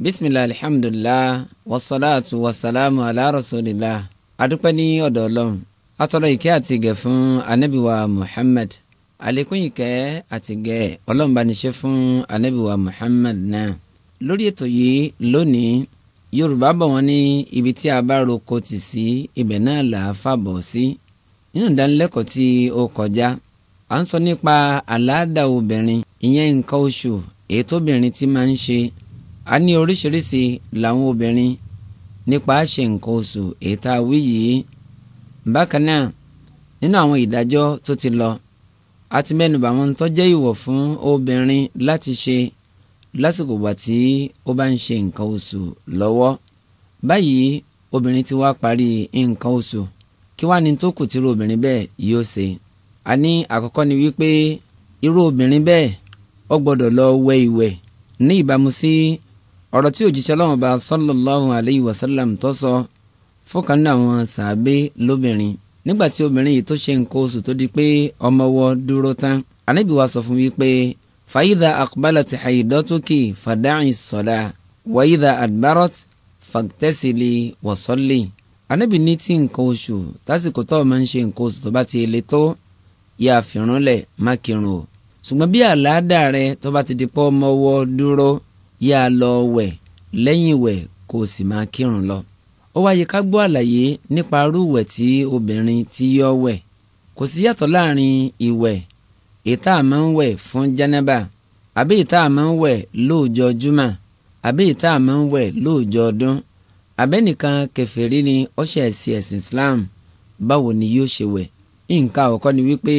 bisimilah alihamdulilah wasalaatu wasalaamu ala rasulillah adúpẹ́ ní ọ̀dọ̀ ọlọ́run atọ́lọ́ ìkẹ́ àti ìgẹ̀ anabiwa muhammad àlékún ìkẹ́ àti ìgẹ̀ ọlọ́run bá ní ṣe anabiwa muhammad náà lórí ètò yìí lónìí yorùbá bọ̀ wọ́n ní ibi tí a bá roko tì sí ibẹ̀ náà là á fàbọ̀ sí nínú ìdánilẹ́kọ̀ọ́ tí ó kọjá à ń sọ nípa àláàdà obìnrin ìyẹn nǹkan oṣù èyí tóbìnrin ti máa ń ṣe a ní oríṣiríṣi làwọn obìnrin nípa ṣe nǹkan oṣù ètò àwí yìí bákan náà nínú àwọn ìdájọ́ tó ti lọ a ti mẹ́nubà wọn tó jẹ́ ìwọ̀ fún obìnrin láti ṣe lásìkò gbà tí ó bá ń ṣe nǹkan oṣù lọ́wọ́ báyìí obìnrin ti wá parí nǹkan oṣù kí wàá ní tó kù tí irú obìnrin bẹ́ẹ̀ yóò ṣe a ní àkọ́kọ́ ni wípé irú obìnrin bẹ́ẹ̀ ó gbọ́dọ̀ lọ wẹ̀ ìwẹ̀ ní ìbámu sí ọ̀rọ̀ tí òjíṣẹ́ ọlọ́run bá sallallahu alayhi wa sallam tó sọ fọkàn náà wọn sàbẹ lóbìnrin nígbà tí obìnrin yìí tó ṣe nǹkan oṣù tó di pé ọmọ wọ dúró tán Ànábì wa sọ fún mi pé fàyídà aqbalat haidatuki fada'i sọ̀dà wàyídà adbarat fagtẹ́sílì wọ̀sọ́lì. Ànábì ní tí nǹkan oṣù tásìkò tó máa ń ṣe nǹkan oṣù tó bá ti le tó yà fìrúnlẹ̀ má kírun o ṣùgbọ́n bí àlàáda rẹ tó bá ti di pọ́ ọmọ dúró yá a lọ wẹ̀ lẹ́yìn ìwẹ̀ kó o sì máa kírun lọ. ó wáyé ká gbọ́ àlàyé nípa arúwẹ̀ tí obìnrin ti yọ wẹ̀ kò sí yàtọ̀ láàrin ìwẹ̀ ìta àmọ́ ń wẹ̀ fún jánábà àbí ìta àmọ́ ń wẹ̀ lóòjọ́ júmọ̀ àbí ìta àmọ́ ń wẹ̀ lóòjọ́ ọdún abẹ́nìkan kèfèrí ni ó ẹ̀sìn ẹ̀sìn Islam báwo ni yóò ṣe wẹ̀ nǹkan àkọ́kọ́ ni wípé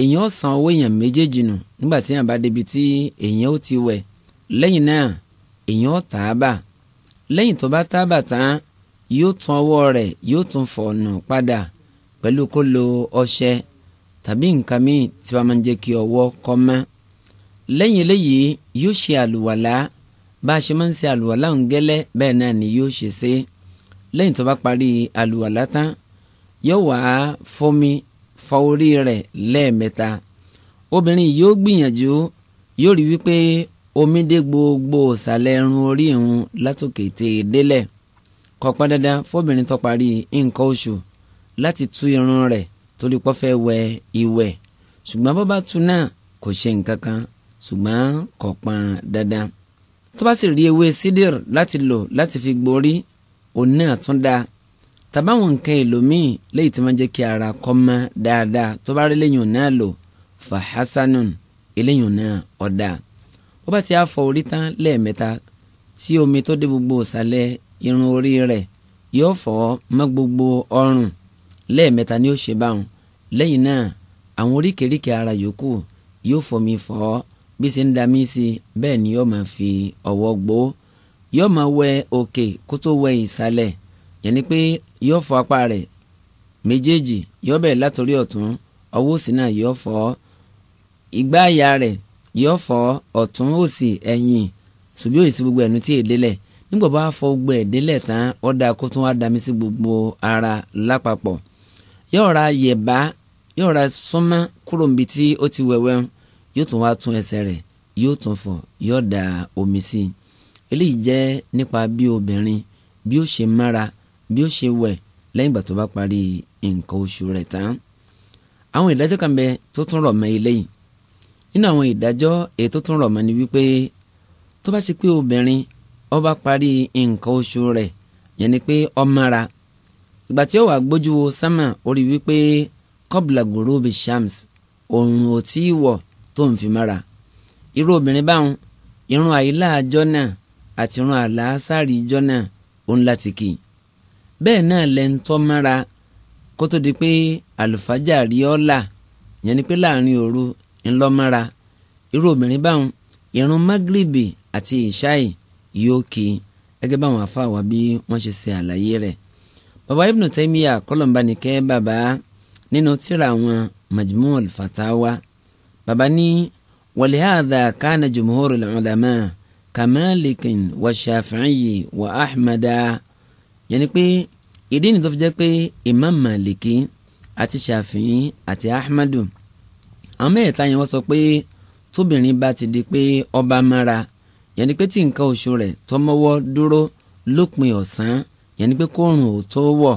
èèyàn ó owó èèyàn méjèèjì nù nígbà tí èèyàn bá débi tí èèyàn ó ti wẹ̀ lẹ́yìn náà èèyàn tààbà lẹ́yìn tó bá tààbà tán yóò tún ọwọ́ rẹ̀ yóò tún fọ̀nù padà pẹ̀lú kó lo ọṣẹ tàbí nǹkan míì tí wọ́n máa ń jẹ́ kí ọwọ́ kó mọ́ lẹ́yìn eléyìí yóò ṣe àlùwàlá bá a ṣe máa ń ṣe àlùwàlá ń gẹ́lẹ́ bẹ́ẹ̀ náà ni yóò ṣe ṣe lẹ́yìn tó bá parí àlùwàlá tán yóò wá fọmi fọ orí rẹ̀ lẹ́ẹ̀mẹ́ta obìnrin yóò gbìyànjú yóò rí wípé omi dé gbogbo ìsàlẹ̀ irun orí ìhun látòkè tè é délẹ̀ kò pọn dandan fóbìnrin tó parí nǹkan oṣù láti tú irun rẹ̀ torí pọ́ fẹ́ wẹ ìwẹ̀ ṣùgbọ́n bó bá tú náà kò ṣe nǹkan kan ṣùgbọ́n kò pọn dandan tó bá sì rí ewé sídìr láti lò láti fi gborí òun náà tún dáa tàbáwọn nǹkan èlò míì léyìí tí wọ́n jẹ́ kí ara kó mọ́ dáadáa tó bá rí lẹ́yìn náà lò fàhásánù eléyìn náà ọ̀dà bá ti á fọ orí tán lẹ́ẹ̀mẹ́ta tí omi tó dé gbogbo ìsàlẹ̀ irun orí rẹ̀ yóò fọ mọ́ gbogbo ọrùn lẹ́ẹ̀mẹ́ta ni ó ṣe báwọn lẹ́yìn náà àwọn oríkèéríkèé ara yòókù yóò fọmi fọ ọ́ bí ṣe ń da mí sí i bẹ́ẹ̀ ni yóò máa fi ọwọ́ gbó yóò máa wẹ òkè kó tó wẹ ìsàlẹ̀ yẹn pé yóò fọ apá rẹ̀ méjèèjì yóò bẹ̀rẹ̀ látòrí ọ̀tún ọwọ́ òsì náà yóò fọ ìgbá àyà rẹ̀ yóò fọ ọ̀tún òsì ẹ̀yìn ṣùgbí òsì gbogbo ẹ̀nu tí èdélẹ̀ nígbà bá fọ gbogbo ẹ̀délẹ̀ tán ọ̀dà kó tún wá dami sí gbogbo ara lápapọ̀ yóò ra yẹ̀bá yóò ra súnmọ́ kúrò níbi tí ó ti wẹ̀wẹ́ yóò tún wá tún ẹsẹ̀ rẹ̀ yóò tún fọ yóò da omi sí i eléyìí jẹ́ nípa bí obìnrin bí ó ṣe mára bí ó ṣe wẹ̀ lẹ́yìn ìgbà tó bá parí nǹkan oṣù rẹ̀ tán àwọn ìdájọ́ kan bẹ tó tún rọ̀ mọ́ eléyìí nínú àwọn ìdájọ́ èyí tó tún rọ̀ mọ́ ni wípé tó bá ṣe pé obìnrin ó bá parí nǹkan oṣù rẹ̀ yẹn ni pé ó ìgbà tí ó wà gbójú wo sámà ó rí wípé kọ́bùlà gòrò bíi shams òòrùn ò tí ì wọ̀ tó ń fi mára irú obìnrin báwọn irun àyílá àjọ náà àti irun àlàásàrì ìjọ náà òun láti kì í bẹ́ẹ̀ náà lẹ́ńtọ́ mára kó tó di pé àlùfájà rí ọ́ là yẹn ni pé láàrin òru ńlọmọra irú obìnrin báwọn irun magribi àti ìṣáì yóò kí gẹ́gẹ́ báwọn afáwa bí wọ́n ṣe ṣe àlàyé rẹ̀ bàbá Ibn Taymiyyah kọlọmbanìkẹ bàbá nínú tírà àwọn Majmu'ul Fatawa bàbá ní walihadha kana jumhurul ulama kamalikin wa shafi'i wa ahmada yẹni pé ìdí nìtọ́ pé imam maliki àti shafi'i àti ahmadu àwọn mẹ́ẹ̀ta yẹn wọ́n sọ pé tóbìnrin bá ti di pé ọba mára yẹn ni pé tí nǹkan oṣù rẹ̀ tọmọwọ́ dúró lópin ọ̀sán yẹn ni pé kóòrùn ò tó wọ̀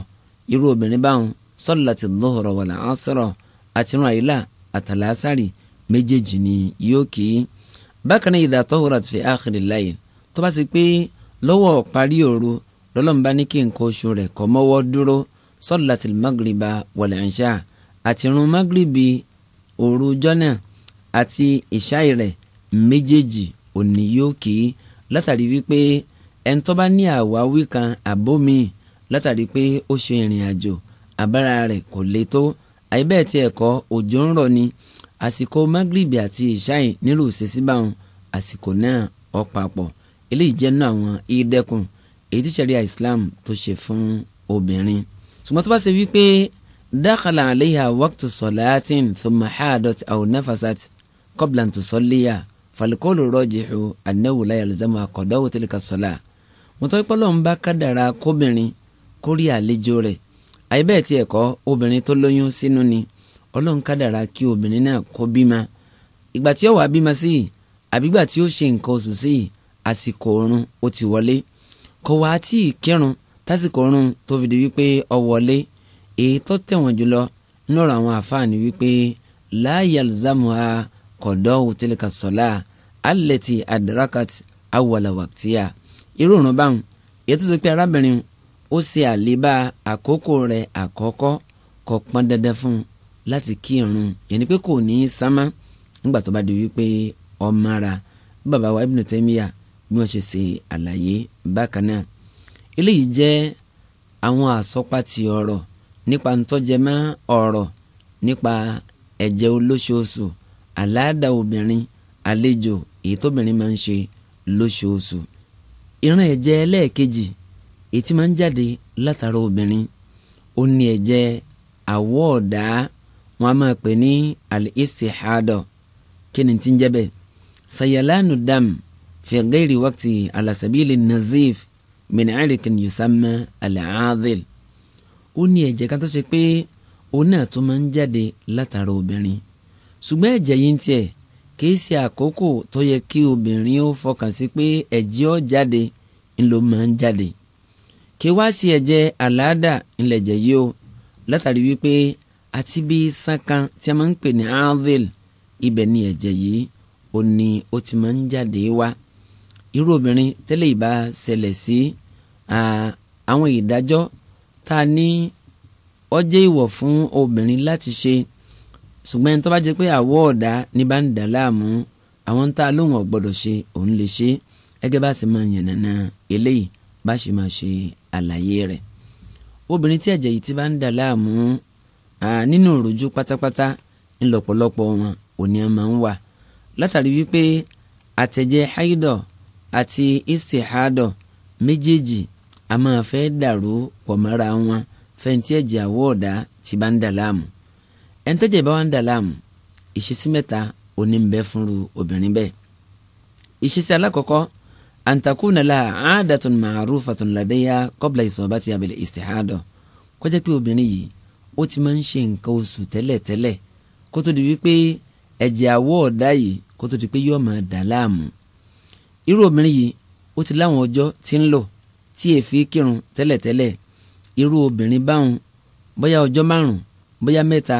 irú obìnrin báwọn sọ́láti dhuhra wàlà ásírà àtirun àyílà àtàlásàrì méjèèjì ni yóò kì í bákan náà idha tahurat fi akhiril layl tó bá sì pé lọ́wọ́ parí òru lọ́lọ́mùbá ní kí nǹkan oṣù rẹ̀ kọ́ mọ́wọ́ dúró sọ́láti magriba wàlà ìṣá àtirun magribi òru jọ́nà àti ìṣáì rẹ̀ méjèèjì òní yóò kì í látàrí wípé ẹni tó bá ní àwáwí kan àbómi látàrí pé ó ṣe ìrìn àjò àbára rẹ̀ kò le tó àìbẹ́ẹ̀ tí ẹ̀kọ́ òjò ń rọ̀ ni àsìkò magribi àti ìṣáì nílùú ṣèṣíbáwọn àsìkò náà ọ̀pàpọ̀ eléyìí jẹ́ nínú àwọn ìdẹ́kùn èyí tí ṣẹ̀ríà Islam tó ṣe fún obìnrin ṣùgbọ́n tó bá ṣe wípé dakhala alayha waqtu salatin thumma hadat aw nafasat qabla an tusalliya falikolu rọjihu annahu la yalzamu qada'u tilka salat mọtò ìpọlọ ń bá kádàrá kóbìnrin kórí àlejò rẹ̀ àyíbẹ̀ tí ẹ̀kọ́ obìnrin tó lóyún sínú ni ọlọ́run kádàrá kí obìnrin náà kó bímọ ìgbà tí ó wàá bímọ sí i àbígbà tí ó ṣe nǹkan oṣù sí i àsìkò oorun ó ti wọlé kò wá tí ì kírun tásìkò oorun tó fi di wípé ó wọlé èyí tó tẹ̀wọ̀n jùlọ nọ̀rọ̀ àwọn àfáàní wípé la yalzamuha qada'u tilka sọ̀lá allati adarakat awwala waqtiha irú òrùn báwọn èyí tó sọ pé arábìnrin ó ṣe àlébá àkókò rẹ̀ àkọ́kọ́ kò pọn dandan fún un láti kí irun yẹn ni pé kò ní í sámá nígbà tó bá di wípé ọmọ ara bàbá wa Ibn Taymiyyah bí wọ́n ṣe ṣe àlàyé bákan náà eléyìí jẹ́ àwọn àsọpàtì ọ̀rọ̀ nípa ntọ́jẹmọ́ ọ̀rọ̀ nípa ẹ̀jẹ̀ olóṣooṣù àláàdà obìnrin àlejò èyí tóbìnrin máa ń ṣe lóṣooṣù ìran ẹ̀jẹ̀ ẹlẹ́ẹ̀kejì èyí tí máa ń jáde látara obìnrin ó ní ẹ̀jẹ̀ àwọ̀ ọ̀dà wọn a máa pè ní al-istihada kí ni ti ń jẹ́ bẹ́ẹ̀ sayalanu dam fi ghairi waqti nazif min 'irqin yusamma al-'adil ó ní ẹ̀jẹ̀ kan tó ṣe pé òun náà tún máa ń jáde látara obìnrin ṣùgbọ́n ẹ̀jẹ̀ yìí ń tiẹ̀ kìí ṣe àkókò tó yẹ kí obìnrin ó fọkàn sí pé ẹ̀jẹ̀ ó jáde ńlọ máa ń jáde kí wá sí ẹ̀jẹ̀ àláàdà ńlẹ̀jẹ̀ yìí o látàrí wípé àti bí sánkan tí a máa ń pè ní anvil ibẹ̀ ni ẹ̀jẹ̀ yìí ó ní ó ti máa ń jáde wá irú obìnrin tẹ́lẹ̀ ìbá ṣẹlẹ̀ sí àwọn ìdájọ́ ta ni ó jẹ́ ìwọ̀ fún obìnrin láti ṣe ṣùgbọ́n tó bá jẹ́ pé àwọ̀ ọ̀dá ní bá ń dà láàmú àwọn tá a lóhùn ọ̀gbọ́dọ̀ ṣe òun lè ṣe gẹ́gẹ́ bá sì máa yàn nàna eléyìí bá sì máa ṣe àlàyé rẹ̀ obìnrin tí ẹ̀jẹ̀ yìí ti bá ń dà láàmú nínú ìrújú pátápátá ńlọ́pọ̀lọpọ̀ wọn òní a máa ń wà látàrí wípé àtẹ̀jẹ̀ haidọ̀ àti istihadọ̀ méjèèjì a máa fẹ́ dàrú pọ̀ mọ́ra wọn fẹ́ntì ẹ̀jẹ̀ àwọ̀ ọ̀dà tí bá ń dà láàmú ẹ̀ńtẹ́jẹ̀ bá wà dà láàmú ìṣesí mẹ́ta onímbẹ́ fúnru obìnrin bẹ́ẹ̀ ìṣesí alákọ̀ọ́kọ́ antakuna la aadatun ma'rufatun ladeya qabla isabati abil istihada kó jẹ́ pé obìnrin yìí ó ti máa ń ṣe nǹkan oṣù tẹ́lẹ̀tẹ́lẹ̀ kó tó di wípé ẹ̀jẹ̀ àwọ̀ ọ̀dà yìí kó tó di pé yóò máa dà láàmú irú obìnrin yìí ó ti láwọn ọjọ́ tí ń lò tí ẹ fi kírun tẹ́lẹ̀tẹ́lẹ̀ irú obìnrin báwọn bóyá ọjọ́ márùn bóyá mẹ́ta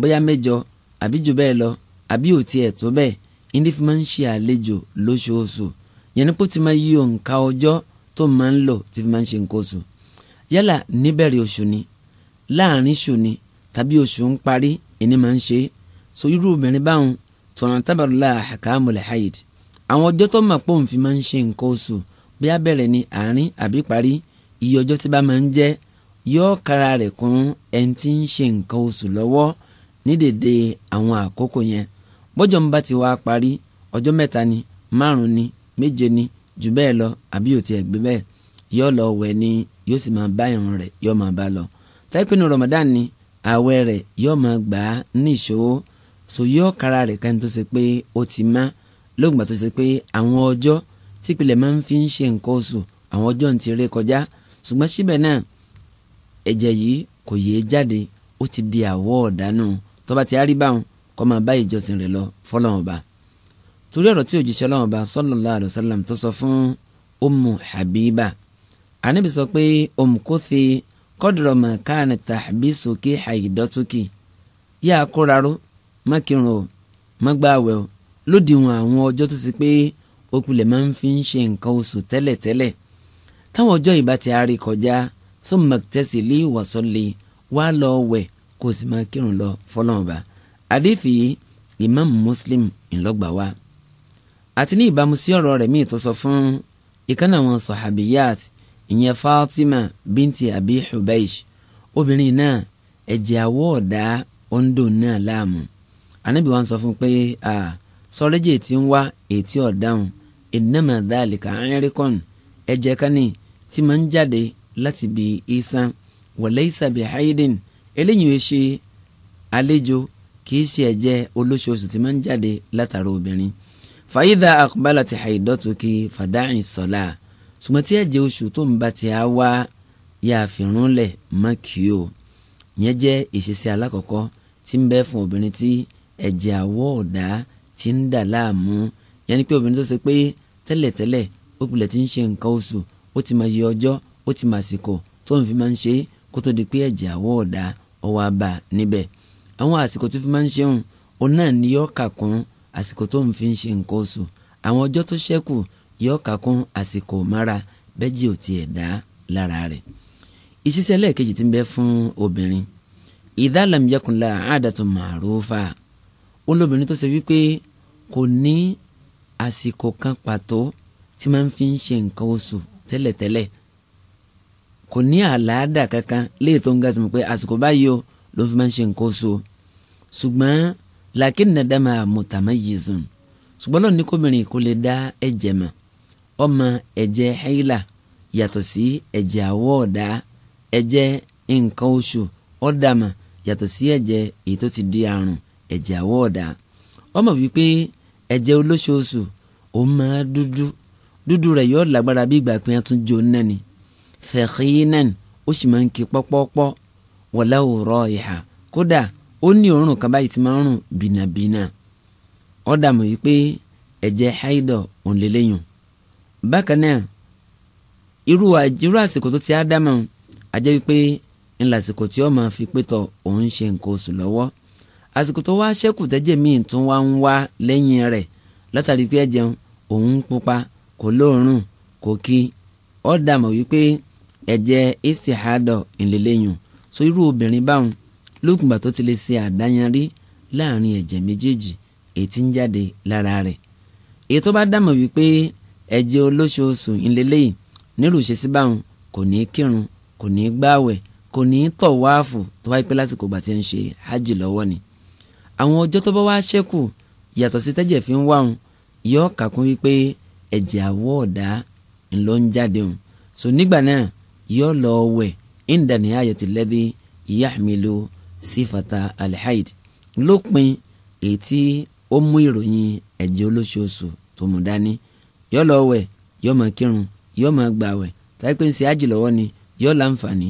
bóyá mẹ́jọ àbí jù bẹ́ẹ̀ lọ àbí ò tiẹ̀ tó bẹ́ẹ̀ ìdí fi máa ń ṣe àlejò lóṣooṣù yẹn nípò tí máa yí òǹkà ọjọ́ tó máa ń lò tí fi máa ń ṣe nǹkan oṣù yálà níbẹ̀rẹ̀ oṣù ni láàrin oṣù ni tàbí oṣù ń parí ẹni máa ń ṣe é so irú obìnrin báwọn tọ̀nà tábàlá àkàmùlẹ̀ haid àwọn ọjọ́ tó máa pọ̀ ń fi máa ń ṣe nǹkan oṣù bí a bẹ̀rẹ̀ ní àárín àbí parí iye ọjọ́ tí bá máa ń jẹ́ yóò kára rẹ̀ kún ẹni tí ń ṣe nǹkan oṣù lọ́wọ́ ní dèdè àwọn àkókò yẹn bọ́jọ́ ń bá ti wá parí ọjọ́ mẹ́ta ni márùn ni méje ni jù bẹ́ẹ̀ lọ àbí ò tiẹ̀ gbé bẹ́ẹ̀ yóò lọ wẹ̀ ni yóò sì máa bá ìrun rẹ̀ yóò máa bá lọ tẹ́pínu Ramadan ni ààwẹ̀ rẹ̀ yóò máa gbà á ní ìṣòwò so yóò kára rẹ̀ kan tó ṣe pé ó ti má lóògbà tó ṣe pé àwọn ọjọ́ tí ìpìlẹ̀ máa ń fi ń ṣe nǹkan oṣù àwọn ọjọ́ ń ti ré kọjá ṣùgbọ́n síbẹ̀ náà ẹ̀jẹ̀ yìí kò yéé e jáde ó ti di àwọ̀ ọ̀dánù tó bá ti árí kọ́ máa bá ìjọsìn rẹ̀ lọ fọlọ́wọn ọba torí ọ̀rọ̀ tí òjíṣẹ́ ọlọ́wọn ọba sallallahu alaihi wasallam tó sọ fún Ummu Habiba ànábì sọ pé omkothi kọ́dùrọ̀ mà káàní tàbí sókè àìdọ́tùkì yá a kóraró má kírun o má gbààwẹ̀ o lódiwọ̀n àwọn ọjọ́ tó ti pé okulẹ̀ máa ń fi ń ṣe nǹkan oṣù tẹ́lẹ̀tẹ́lẹ̀ táwọn ọjọ́ ìbá ti arí kọjá fún mọ̀tẹ́sì lé ìwàsọ́lẹ̀ wá lọ wẹ̀ kó o sì máa kírun lọ fọlọ́ọ̀bà àdéfì Imam Muslim ńlọgbà wa àti ní ìbámu sí ọ̀rọ̀ rẹ̀ míì tó sọ fún ìkànnì àwọn sọ̀hábíyàt ìyẹn Fatima binti Abi Hubaysh obìnrin náà ẹ̀jẹ̀ àwọ̀ ọ̀dà ondo náà láàmú anábì wa ń sọ fún pé sọ̀rẹ́jì ètí ń wá ètí ọ̀dáhùn ìnáma dálìkà ẹ̀ríkọ́n ẹ̀jẹ̀ kánì tí máa ń jáde láti bí iṣan wọ̀lẹ́ ìsàbí haidin eléyìí ò ṣe àlejò kì í ṣe ẹ̀jẹ̀ olóṣooṣù tí máa ń jáde látara obìnrin fàyídà àkùbálà ti haidọ́tù kí fàdáhìn sọ̀la ṣùgbọ́n tí ẹ̀jẹ̀ oṣù tó ń bá ti á wá yà fìrúnlẹ̀ mọ́kìó yẹn jẹ́ ìṣesí alákọ̀ọ́kọ́ tí ń bẹ fún obìnrin tí ẹ̀jẹ̀ àwọ̀ ọ̀dá ti ń dà láàmú yẹn ni pé obìnrin tó ṣe pé tẹ́lẹ̀tẹ́lẹ̀ ó pilẹ̀ ti ń ṣe nǹkan oṣù ó ti máa yẹ ọjọ́ ó ti máa sìkò tó ń fi máa ń ṣe kó tó di pé ẹ̀jẹ̀ àwọ̀ ọ̀dà ọwọ́ abà níbẹ̀ àwọn àsìkò tó fi máa ń ṣeun òun náà ni yọ kà kún àsìkò tó ń fi ń ṣe nǹkan oṣù àwọn ọjọ́ tó ṣẹ́kù yọ kà kún àsìkò mára bẹ́jì ò tiẹ̀ dá lára rẹ̀ ìṣiṣẹ́ lẹ́ẹ̀kejì ti ń bẹ fún obìnrin idha lam yakun ma'rufa olóbìnrin tó ṣe wípé kò ní àsìkò kan pàtó tí máa ń fi ń ṣe nǹkan oṣù tẹ́lẹ̀tẹ́lẹ̀ kò ní àlàáda kankan léè tó ń ga sí mi pé àsìkò báyìí o ló fi máa ń ṣe nǹkan oṣù o ṣùgbọ́n làákìn náà dá máa mutamayizun ṣùgbọ́n lọ́ọ̀ ní kóbìnrin kò lè dá ẹ̀jẹ̀ mọ̀ ọmọ ẹ̀jẹ̀ haila yàtọ̀ sí ẹ̀jẹ̀ àwọ̀ ọ̀dà ẹ̀jẹ̀ nǹkan oṣù ọ̀dàmà yàtọ̀ sí ẹ̀jẹ̀ èyí tó ti di àrùn ẹ̀jẹ̀ àwọ̀ ọ̀dà ọmọ wípé ẹ̀jẹ̀ olóṣooṣù ó máa dúdú dúdú rẹ̀ yóò lágbára bí ìgbà pín atún jó nẹ́ni fẹ̀kínẹ́n ó sì máa ń kí pọ́pọ́pọ́ wọ̀lá òrọ̀ ìhà kódà ó ní òórùn kan báyìí ti máa ń rùn bìnàbìnà ó dààmú yìí pé ẹ̀jẹ̀ haidọ̀ òun lélẹ́yìn bákan náà irú irú àsìkò tó ti á dámọ̀ àjẹ́ wípé ńlá àsìkò tí ó máa fi pétọ̀ òun ṣe nǹkan oṣù lọ́wọ́ àsìkò tó wá ṣẹ́kù tẹ́jẹ̀ míì tún wá ń wá lẹ́yìn rẹ̀ látàrí pé ẹ̀jẹ̀ òun pupa kò lóòórùn kò kí ó dààmú wípé ẹ̀jẹ̀ istihadọ̀ ìlélẹ́yìn so irú obìnrin báwọn lókùnbà tó ti lè ṣe àdáyanrí láàrin ẹ̀jẹ̀ méjèèjì èyí tí ń jáde lára rẹ̀ èyí tó bá dààmú wípé ẹ̀jẹ̀ olóṣooṣù ìlélẹ́yìn nírú ìṣesí báwọn kò ní kírun kò ní gbààwẹ̀ kò ní tọ̀wáàfù tó wáyé pé lásìkò gbà tí ń ṣe hajj lọ́wọ́ ni àwọn ọjọ́ tó bá wá ṣẹ́kù yàtọ̀ sí tẹ́jẹ̀ fi ń wáhùn yóò kàkún wípé ẹ̀jẹ̀ àwọ̀ ọ̀dá ńlọ ń jáde hùn so nígbà náà yóò lọ wẹ̀ ìndàní ayọ̀tì lẹ́bí yahmilu sífàtà alhaid lópin èyí tí ó mú ìròyìn ẹ̀jẹ̀ olóṣooṣù tó mú dání yóò lọ wẹ̀ yóò máa kírun yóò máa gbààwẹ̀ táyé pé ṣe ájì lọ́wọ́ ni yóò láǹfààní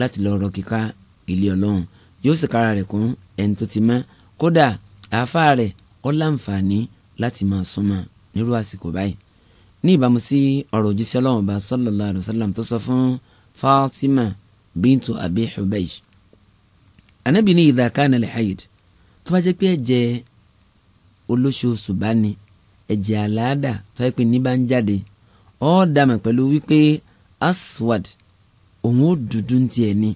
láti lọ rọ kíká ilé ọlọ́run yóò sì kára rẹ̀ kún ẹni tó ti mọ́ kódà àáfàá rẹ̀ ó láǹfààní láti máa súnmọ́ nírú àsìkò báyìí ní ìbámu sí ọ̀rọ̀ òjíṣẹ́ ọlọ́run ọba sallallahu alaihi tó sọ fún Fatima bintu Abi Hubaysh anabi ní idha kana al-hayd tó bá jẹ́ pé ẹ̀jẹ̀ olóṣooṣù bá ní ẹ̀jẹ̀ àlàáda tó yẹ pé ní ń jáde ó dàmọ̀ pẹ̀lú wípé aswad òun ó dúdú ti ẹ̀ ní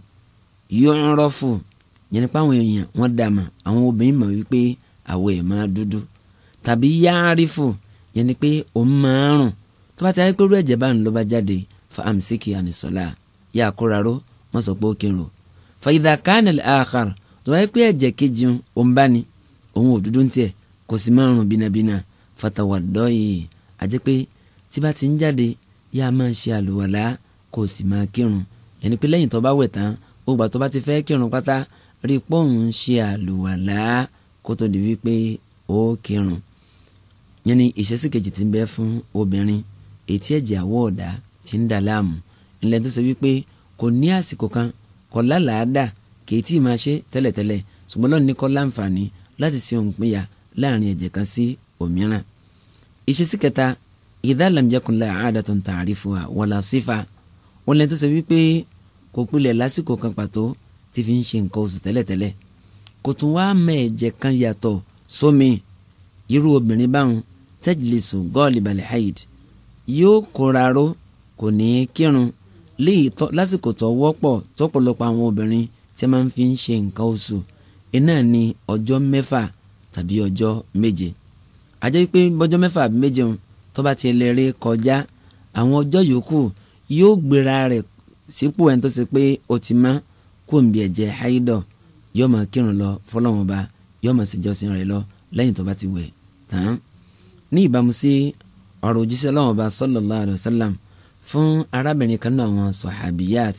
yọ̀ọ́rọ́fù yẹn nípa àwọn èèyàn wọ́n dà mà àwọn obìnrin mọ̀ wípé àwọ̀ ẹ̀ máa dúdú tàbí yáárífò yẹn ni pé òun máa rùn tó bá ti ayé pé irú ẹ̀jẹ̀ bá ń lọ jáde fa amsiki ànisọ́lá yà á kóra ró wọ́n sọ pé ó kírun fa idha kana al-akhar tó bá yẹ pé ẹ̀jẹ̀ kejì òun bá ní òun ò dúdú tiẹ̀ kò sì máa rùn bínabína fatawadọ́yì àjẹ́ pé tí bá ti ń jáde yà á máa ṣe àlùwàlá kò sì máa kírun yẹn ni pé lẹ́yìn tó bá wẹ̀ tán ó gbà tó bá ti fẹ́ kírun pátá rí pọ́ùn ṣe àlùwàlá kó tó di wípé ó kírun yẹn ni ìṣesí kejì ti ń bẹ fún obìnrin ètí ẹ̀jẹ̀ àwọ̀ ọ̀dà ti ń dà láàmú ńlẹ̀ tó ṣe wípé kò ní àsìkò kan kò lálàáda kìí tí ì máa ṣe tẹ́lẹ̀tẹ́lẹ̀ ṣùgbọ́n lọ́nà ní kọ́ láǹfààní láti ṣe òǹpinya láàrin ẹ̀jẹ̀ kan sí òmíràn ìṣesí kẹta idha lam yakun la aadatun ta'rifuha wala sifa ńlẹ̀ tó ṣe wípé kò pilẹ̀ lásìkò kan pàtó tí fi ń ṣe nǹkan oṣù tẹ́lẹ̀tẹ́lẹ̀ kò tún wá mọ ẹ̀jẹ̀ kan yàtọ̀ sómi irú obìnrin báwọn tẹ́jìlísù gọ́ọ̀lì balẹ̀ haid yóò kóra ró kò ní í kírun léyìí tọ́ lásìkò tó wọ́pọ̀ tọ́pọ̀lọpọ̀ àwọn obìnrin tí máa ń fi ń ṣe nǹkan oṣù iná ní ọjọ́ mẹ́fà tàbí ọjọ́ méje àjẹ́ pé bọ́jọ́ mẹ́fà àbí méje ń tó bá ti lérè kọjá àwọn ọjọ́ yòókù yóò gbéra rẹ̀ sípò ẹni tó ṣe pé ó ti mọ́ kó ń bí ẹ̀jẹ̀ haidọ̀ yóò máa kírun lọ fọlọ́wọn ba yóò máa ṣèjọsìn rẹ̀ lọ lẹ́yìn tó bá ti wẹ̀ tán. ní ìbámu sí ọ̀rọ̀ òjíṣẹ́ lọ́wọ́n ba sallallahu alayhi wa sallam fún arábìnrin kan náà wọn sọ̀hábíyàt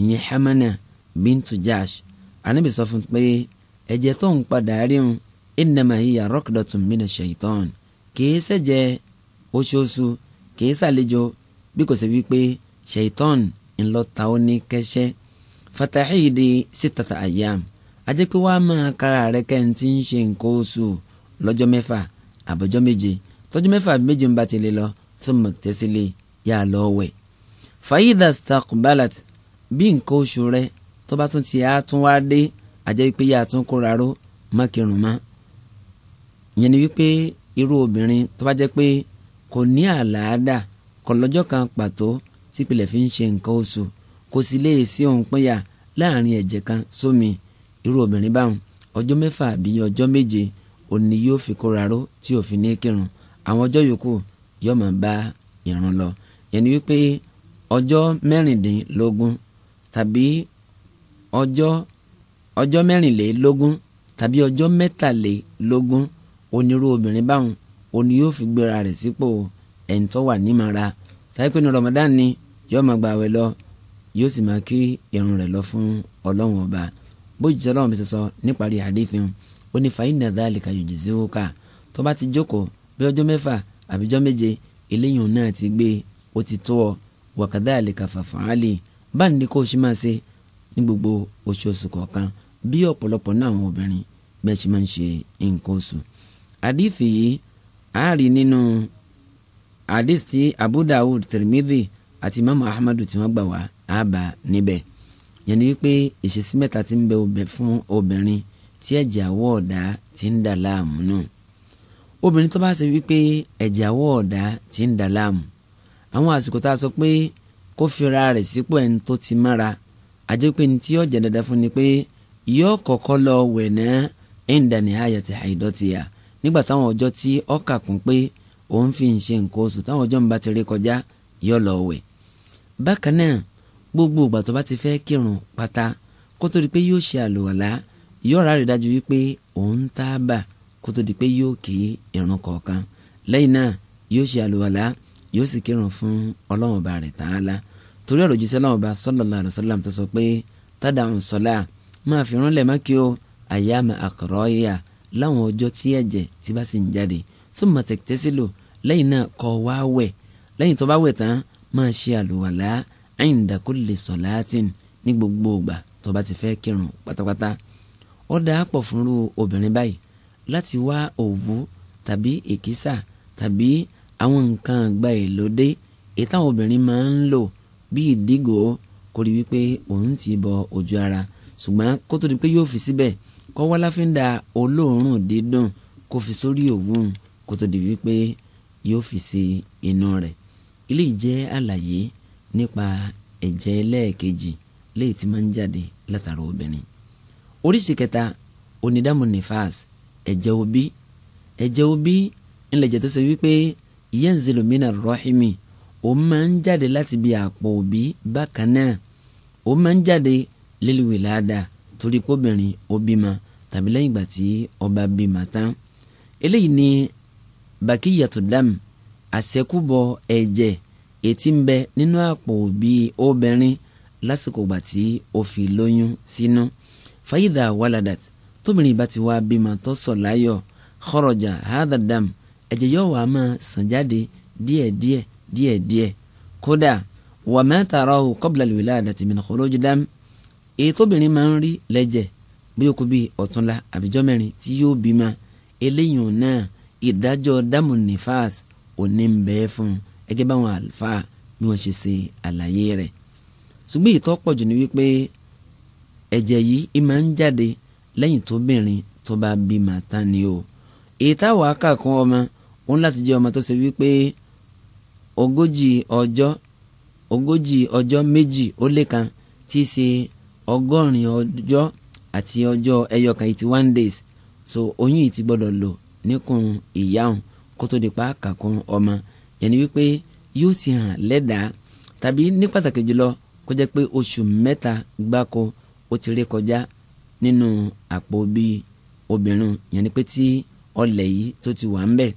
ìyẹn hamana bintu jash anábì sọ fún pé ẹ̀jẹ̀ tó ń padà ríhun innama hiya raqdatun mina shaitan kìí ṣẹ̀jẹ̀ oṣooṣù kìí ṣàlejò bí kò ṣe wípé shaitan ńlọ ta ó fatahidi sitata ayam ajẹ́ pé wàá máa kára rẹ kẹ́ntì ń ṣe nǹkan oṣù lọ́jọ́ mẹ́fà àbọ̀jọ́ méje tọ́jọ́ mẹ́fà méje ń bá ti lè lọ tó mọ̀ tẹ́sílẹ̀ yà á lọ wẹ̀. fàyídà stakbalat bí nǹkan oṣù rẹ tó bá tún ti á tún wá dé ajẹ́ pé yà á tún kóra ró má kírun má. ìyẹn ni wípé irú obìnrin tó bá jẹ́ pé kò ní àlàáda kò lọ́jọ́ kan pàtó tí ìpìlẹ̀ fi ń ṣe nǹkan oṣù kò sì lè sí òun pínyà láàrin ẹ̀jẹ̀ kan sómi irú obìnrin báwọn ọjọ́ mẹ́fà àbí ọjọ́ méje òní yóò fi kóra ró tí ò fi ní kírun àwọn ọjọ́ yòókù yóò máa bá ìrun lọ yẹn ni wípé ọjọ́ mẹ́rìndínlógún tàbí ọjọ́ ọjọ́ mẹ́rìnlélógún tàbí ọjọ́ mẹ́tàlélógún onírú obìnrin báwọn òní yóò fi gbéra rẹ̀ sípò ẹ̀ńtọ́ wà nímọ̀ra tàbí pé ní Ramadan ni yóò máa gbààwẹ̀ lọ yóò sì máa kí irun rẹ̀ lọ fún ọlọ́run ọba bójútó ọlọ́run bí sọ sọ níparí àdéfihàn ó ní fàyínà dáàlìkà yòjì sí òkà tó bá ti jókòó bí ọjọ́ mẹ́fà àbíjọ́ méje eléyìí náà ti gbé ó ti tó ọ wàkàdá àlìkà fàfàálì báyìí ni kó o ṣe máa ṣe ní gbogbo oṣooṣù kọ̀ọ̀kan bí ọ̀pọ̀lọpọ̀ náà àwọn obìnrin bẹ́ẹ̀ ṣe máa ń ṣe nǹkan oṣù. àdìfì yìí a rí nínú àdìsí Abu Dawud Tirmidhi àti Imam Ahmadu tí wọ́n gbà wá àbá níbẹ̀ yẹn ni wípé ìṣesí mẹ́ta ti ń bẹ ọbẹ̀ fún obìnrin tí ẹ̀jẹ̀ àwọ̀ ọ̀dà ti ń dà láàmú náà obìnrin tó bá ṣe wípé ẹ̀jẹ̀ àwọ̀ ọ̀dà ti ń dà láàmú àwọn àsìkò tá a sọ pé kó fira rẹ̀ sípò ẹni tó ti mára àjẹ́ pé ní tí ó dandan fún ni pé yóò kọ́kọ́ lọ wẹ̀ náà ẹ̀ǹdàní àyàtì àìdọ́tìyà nígbà táwọn ọjọ́ tí ó kún pé òun fi ń ṣe nǹkan oṣù táwọn ọjọ́ ń bá ti rí kọjá yóò lọ wẹ̀ bákan náà gbogbo ìgbà tó bá ti fẹ́ kírun pátá kó tó di pé yóò ṣe àlùwàlá yóò rárẹ̀ dájú wípé òun tábà kó tó di pé yóò kí irun kọ̀ọ̀kan lẹ́yìn náà yóò ṣe àlùwàlá yóò sì kírun fún ọlọ́run ọba rẹ̀ tààlà torí ọ̀rọ̀ jíṣẹ́ ọlọ́run ọba sallallahu alaihi wasallam tó sọ pé tádàún sọlá máa fi ránlẹ̀ má kí o àyàmà àkọ̀rọ̀ ìyà láwọn ọjọ́ tí ẹ̀jẹ̀ tí bá sì ń jáde thumma tẹ̀tẹ̀ sílò lẹ́yìn náà kó wá wẹ̀ lẹ́yìn tó bá wẹ̀ tán máa ṣe àlùwàlá inda kulli salatin ní gbogbo ìgbà tó bá ti fẹ́ kírun pátápátá ó dáa pọ̀ fúnrú obìnrin báyìí láti wá òwú tàbí èkísà tàbí àwọn nǹkan àgbà èlòdé èyí táwọn obìnrin máa ń lò bí ìdígò kó rí wípé òun ti bọ ojú ara ṣùgbọ́n kó tó di pé yóò fi síbẹ̀ kó wá láfíńdà olóòórùn dídùn kó fi sórí òwú kó tó di wípé yóò fi sí inú rẹ̀ eléyìí jẹ́ àlàyé nípa ẹ̀jẹ̀ ẹlẹ́ẹ̀kejì léyìí tí máa ń jáde látara obìnrin oríṣìí kẹta onídàmú nifas ẹ̀jẹ̀ obi ẹ̀jẹ̀ obi ńlẹ̀jẹ̀ tó ṣe wípé yanzilu mina rọ́ọ̀hìmì ó máa ń jáde láti bí àpò òbí bákan náà ó máa ń jáde lílùwì láàdá torí kóbìnrin ó bímọ tàbí lẹ́yìn ìgbà tí ọba bímọ tán eléyìí ni bàkíyàtò dam àṣẹkùbọ ẹ̀jẹ̀ ètí ń bẹ nínú àpò bíi obìnrin lásìkò gbà tí ó fi lóyún sínú fàyídà wàládàt tóbìnrin bá ti wá bímọ tó sọ láyọ̀ kọrọjà hádàdàm ẹ̀jẹ̀ yóò wá máa sàn jáde díẹ̀díẹ̀ díẹ̀díẹ̀ kódà wà mẹ́tàrọ̀ kọ́bìlà lùwìlà àdàtì mìíràn kọ́lójú dám èyí tóbìnrin máa ń rí lẹ́jẹ̀ bóyá kó bíi ọ̀túnla àbíjọ́ mẹ́rin tí yóò bímọ eléyìí náà ìdájọ́ dámù nífàs òní ń bẹ́ẹ̀ fún un ẹgẹ́ báwọn àlùfáà bí wọ́n ṣe ṣe àlàyé rẹ̀ ṣùgbọ́n ìtọ́ pọ̀jù ni wípé ẹ̀jẹ̀ yìí ìmọ̀ ń jáde lẹ́yìn tóbìnrin tó bá bímọ tán ni o èyí táwọn akàkùn ọmọ òun láti jẹ́ ọmọ tó ṣe wípé ogójì ọjọ́ ogójì ọjọ́ méjì ó lé kan tí í ṣe ọgọ́rin ọjọ́ àti ọjọ́ ẹyọkan eighty one days so oyún yìí ti gbọ́dọ̀ lò níkùn ìyáhùn kó tó di ọmọ yẹn ni wípé yóò ti hàn lẹ́dàá tàbí ní pàtàkì jùlọ kó jẹ́ pé oṣù mẹ́ta gbáko ó ti ré kọjá nínú àpò bí obìnrin yẹn ni pé tí ọlẹ̀ yìí tó ti wà ń bẹ̀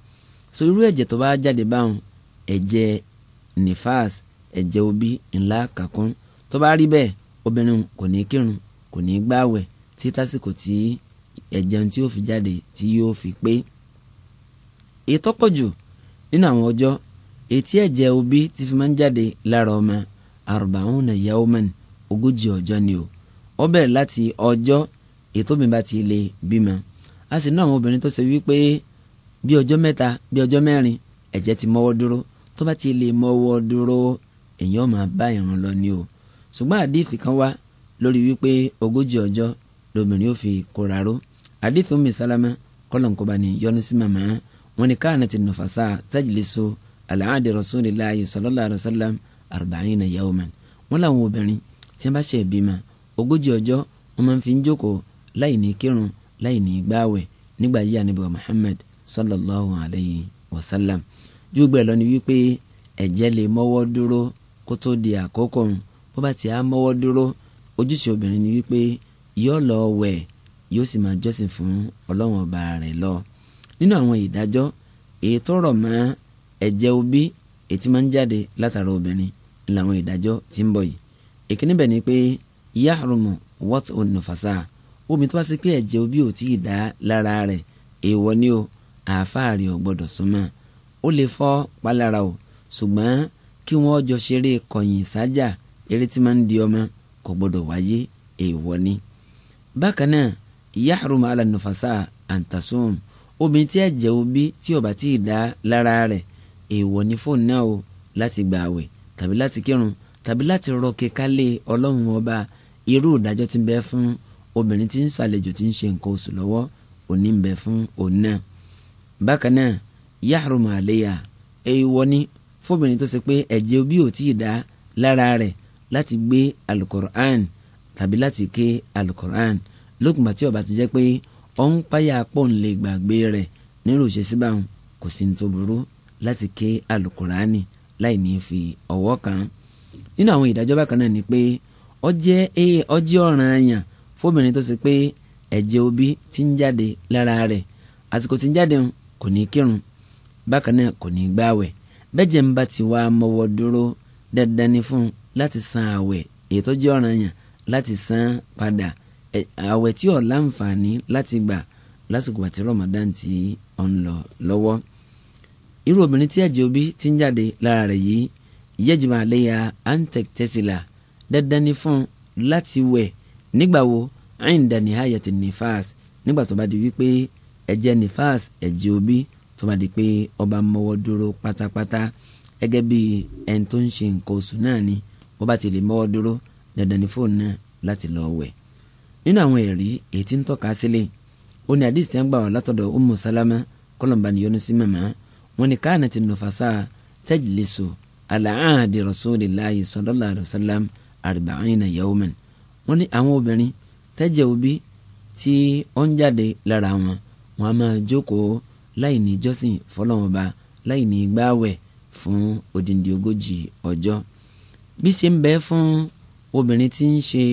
so irú ẹ̀jẹ̀ tó bá jáde báwọn ẹ̀jẹ̀ nifas ẹ̀jẹ̀ obi ńlá kàkún tó bá rí bẹ́ẹ̀ obìnrin kò ní kírun kò ní gbààwẹ̀ tí tásìkò tí ẹ̀jẹ̀ tí yóò fi jáde tí yóò fi pé ètò pọ̀jù nínú àwọn ọjọ́ etí ẹ̀jẹ̀ òbí ti fi máa ń jáde lára ọmọ arbauna yawman ogójì ọjọ́ ni o ó bẹ̀rẹ̀ láti ọjọ́ ètò mi bá ti lè bímọ a sì ná àwọn obìnrin tó ṣe wípé bí ọjọ́ mẹ́ta bí ọjọ́ mẹ́rin ẹ̀jẹ̀ ti mọ́wọ́ dúró tó bá ti lè mọ́wọ́ dúró èèyàn máa bá ìrun lọ ni o ṣùgbọ́n àdìfì kan wá lórí wípé ogójì ọjọ́ lobìnrin ó fi kóra ró àdìfì Ummi Salama kọ́lọ̀ ń kó bá ní yọ́nú sí màmá wọn ni káà náà ti nufasa tajlisu alaadi rasulillahi sallallahu alayhi wa sallam arba'ina yawman wọn làwọn obìnrin tí wọn bá ṣe ìbímọ ogójì ọjọ́ wọn máa ń fi ń jókòó láì ní kírun láì ní gbààwẹ̀ nígbà yíyá níbi wa Muhammad sallallahu alaihi wa sallam júgbẹ́ lọ ni wípé ẹ̀jẹ̀ lè mọ́wọ́ dúró kó tó di àkókò bó bá ti á mọ́wọ́ dúró ojúṣe obìnrin ni wípé yóò lọ wẹ̀ yóò sì máa jọ́sìn fún ọlọ́run ọba rẹ̀ lọ nínú àwọn ìdájọ́ èyí tó rọ̀ mọ́ ẹ̀jẹ̀ obi ètí máa ń jáde látara obìnrin làwọn ìdájọ́ ti ń bọ̀ yìí ìkíní bẹ̀ ni pé yahrumu wat onufasa omi tó bá sí pé ẹ̀jẹ̀ obi ò tí ì dá lára rẹ̀ èèwọ̀ ni o àfáàrí ò gbọ́dọ̀ súnmọ́ ó lè fọ́ palára o ṣùgbọ́n kí wọ́n jọ ṣeré kọ̀yìn sájà eré tí máa ń di ọmọ kò gbọ́dọ̀ wáyé èèwọ̀ ni. bákan náà yahrumu ala nufasa antasum omi tí ẹ̀jẹ̀ obi tí ò bá tí ì dá lára rẹ̀ èèwọ̀ ní fóònù náà o láti gba àwẹ̀ tàbí láti kírun tàbí láti rọ kíkálé ọlọ́run ọba irú ìdájọ́ tí ń bẹ fún obìnrin tí ń ṣàlejò tí ń ṣe nǹkan oṣù lọ́wọ́ òní ń bẹ fún òun náà bákan náà yahrum aleya èèwọ̀ ni fóbìnrin tó ṣe pé ẹ̀jẹ̀ bí ò tí dá lára rẹ̀ láti gbé alukoran tàbí láti ké alukoran lókùnbà tí ó ti jẹ́ pé ó ń páyà pọ̀ ń lè gbàgbé rẹ̀ nílò ìṣesí báwọn kò sí ní tó burú láti ké alukurani láì ní fi ọwọ́ kan nínú àwọn ìdájọ́ bákan náà ni pé ó jẹ́ ó jẹ́ ọ̀ranyàn fóbìnrin tó ṣe pé ẹ̀jẹ̀ obi ti ń jáde lára rẹ̀ àsìkò tí ń jáde kò ní kírun bákan náà kò ní gbààwẹ̀ bẹ́jẹ̀ ń bá ti wá mọ́wọ́ dúró dandan ni fún un láti san àwẹ̀ èyí tó jẹ́ ọ̀ranyàn láti san padà àwẹ̀ tí ó láǹfààní láti gbà lásìkò àti Ramadan tí ń lọ lọ́wọ́ irú obìnrin tí ẹ̀jẹ̀ obi ti ń jáde lára rẹ̀ yìí yẹ́jìmọ̀ àléyà antec tesla dandan ni fún láti wẹ̀ nígbà wo àyìndà nìhayà ti nifas nígbà tó bá di wípé ẹ̀jẹ̀ nifas ẹ̀jẹ̀ obi tó bá di pé ọba mọ́wọ́ dúró pátápátá gẹ́gẹ́ bí ẹni tó ń ṣe nǹkan oṣù náà ni wọ́n bá ti lè mọ́wọ́ dúró dandan ni fóònù náà láti lọ wẹ̀ nínú àwọn ẹ̀rí èyí tí ń tọ́ka sílẹ̀ ó ní àdìsí tí wọ́n gbà wá látọ̀dọ̀ Ummu Salama kọ́lọ̀mbà ni wọ́n ní káàna ti nufasa tajlisu alaahadi rasulillahi sallallahu alayhi wa sallam arba'ina yawman wọ́n ní àwọn obìnrin tẹ́jẹ̀ òbí tí ó ń jáde lára wọn wọ́n á máa jókòó láì ní jọ́sìn fọlọ́mọba láì ní gbáwẹ̀ fún odindi ogójì ọjọ́ bí ṣe ń bẹ fún obìnrin tí ń ṣe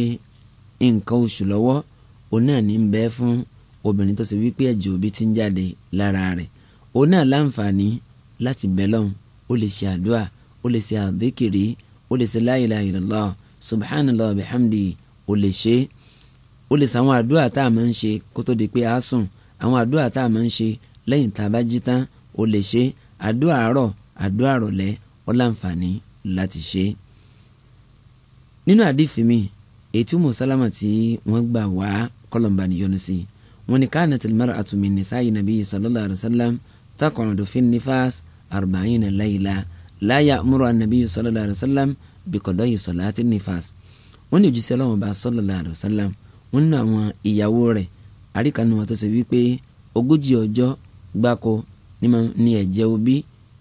nǹkan oṣù lọ́wọ́ òun náà ní ń bẹ fún obìnrin tó ṣe wípé ẹ̀jẹ̀ òbí ti ń jáde lára rẹ̀ òun náà láǹfààní láti bẹ́lọ́n ó lè ṣe àdúrà ó lè ṣe àdékèrè ó lè ṣe la ilaha illallah subhanallah wa bihamdi ó lè ṣe ó lè ṣàwọn àdúrà tá a máa ń ṣe kó tó di pé a sùn àwọn àdúrà tá a máa ń ṣe lẹ́yìn tá a bá jí tán ó lè ṣe àdúrà àárọ̀ àdúrà àrọ̀lẹ́ ó láǹfààní láti ṣe. nínú àdìfí mi ètí Umu tí wọ́n gbà wá kọ́lọ̀mbà níyọnu sí i wọ́n ní káànà tìlmára nìsáyìí nàbí sallallahu alaihi wasallam takudu fi nifas arba'ina layla la ya'muru an-nabiyyu sallallahu alayhi wa sallam biqada'i salati nifas wọ́n ní òjíṣẹ́ ọlọ́run bá sallallahu alayhi wa sallam wọ́n ní àwọn ìyàwó rẹ̀ àríkànnì wọn tó ṣe wípé ogójì ọjọ́ gbáko ni ẹ̀jẹ̀ obi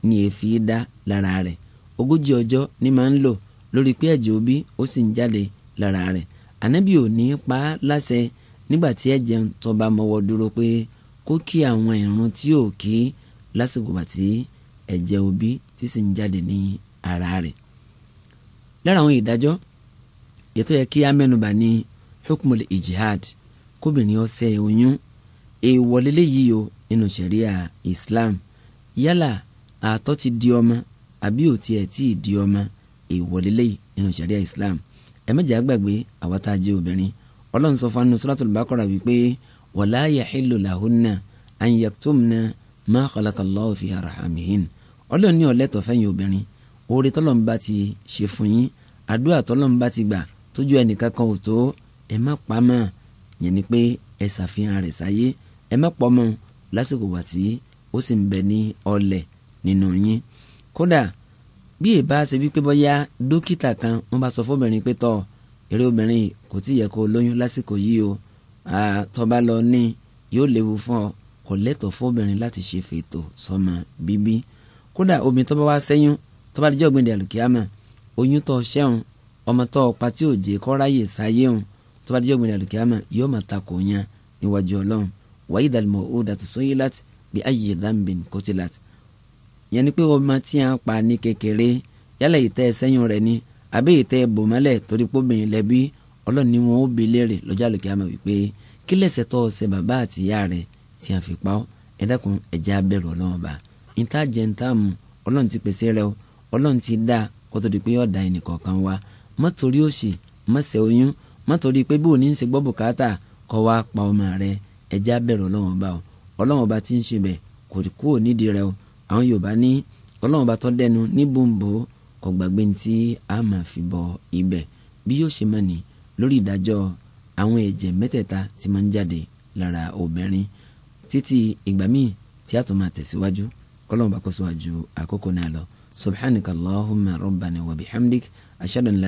ni èéfì dá lára rẹ̀ ogójì ọjọ́ ni máa ń lò lórí pé ẹ̀jẹ̀ obi ó sì ń jáde lára rẹ̀ ànábì ò ní pa á láṣẹ nígbà tí ẹ̀jẹ̀ ń tọba mọ́wọ́ dúró pé kó kí àwọn ìrun tí ò kí lásìkò bàtí ẹ̀jẹ̀ òbí tí sì ń jáde ní ara rẹ̀ lára àwọn ìdájọ́ ètò yẹ kí amẹ́nubà ní hukmul ijihad kóbìnrin ọsẹ oyún èèwọ̀lélẹ́ yìí o nínú ṣẹ̀ríà Islam yálà àtọ̀ ti di ọmọ àbí ò tiẹ̀ tí ì di ọmọ èèwọ̀lélẹ́ nínú ṣẹ̀ríà Islam ẹ̀mẹ́jẹ̀ àgbàgbé àwọn tá a jẹ́ obìnrin ọlọ́run sọ fún anusuratul Baqara wípé wala yahillu lahunna an yaktumna ma khalakallahu fi arhamihin ọlọ́run ní ọ̀lẹ́tọ̀ fẹ́yìn obìnrin oore tọ́lọ́run bá ti ṣe fún yín àdúrà tọ́lọ́run bá ti gbà tójú ẹnìkan kan ò tó ẹ má pa mọ́ yẹn ni pé ẹ ṣàfihàn rẹ̀ sáyé ẹ má pọ̀ mọ́ lásìkò wà tí ó sì ń bẹ ní ọlẹ̀ nínú yín kódà bí èbá ṣe wípé bọ́yá dókítà kan wọ́n bá sọ fóbìnrin pé tọ́ eré obìnrin kò tí yẹ kó lóyún lásìkò yìí o tó lọ ní yóò léwu fún ọ kò lẹ́tọ̀ọ́ fóbìnrin láti ṣe fètò sọ́mọ bíbí kódà omi tó bá wá sẹ́yún tó bá dijọ́ gbẹ̀dẹ̀ àlùkìyàmọ̀ oyún tó ṣẹ́hun ọmọ tó ọ̀pá tí ò jẹ́ kọ́ ráyè sáyéhun tó bá dijọ́ gbẹ̀dẹ̀ àlùkìyàmọ̀ yóò máa ta kò yan níwájú ọlọ́run wàyí ìdàlùmọ̀ ó dàtú sóyè láti bí ayé dambin kòtì láti. yẹn ni pé ọmọ tí a pa ní kékeré yálà ìtẹ́ sẹ́yìn rẹ̀ ni àbí ìtẹ́ bòmọ́lẹ̀ torí póbìnrin lẹ́bí ọlọ́run ni wọn ó bi léèrè lọ́jọ́ àlùkìyàmọ̀ wípé kílẹ̀sẹ̀ tó ṣe bàbá àtìyá rẹ̀ tí a fi pa ọ́ ẹ dákun ẹ jẹ́ á bẹ̀rù níta jẹ́ níta mu ọlọ́run ti pèsè rẹ o ọlọ́run ti dá kó tó di pé yóò da ẹnìkọ̀ọ̀kan wa má torí òṣì má ṣe oyún má torí pé bó o ní í ṣe gbọ́ bùkátà kọ́ wa pa ọmọ rẹ ẹ jẹ́ á bẹ̀rù o ọlọ́run ọba ti ń ṣe bẹ̀ kò kú ò ọlọ́run ọba tó dẹnu ní bòǹbò kò gbàgbé tí a máa fi bọ ibẹ̀ bí yóò ṣe mọ̀ ní lórí ìdájọ́ àwọn ẹ̀jẹ̀ mẹ́tẹ̀ẹ̀ta tí máa ń jáde lára obìnrin títí ìgbà míì tí a tún máa tẹ̀síwájú kọ́lọ́mù bá kó síwájú àkókò náà lọ subhanaka allahumma rabbana wa bihamdik ashhadu an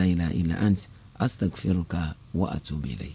la ant astaghfiruka wa atubu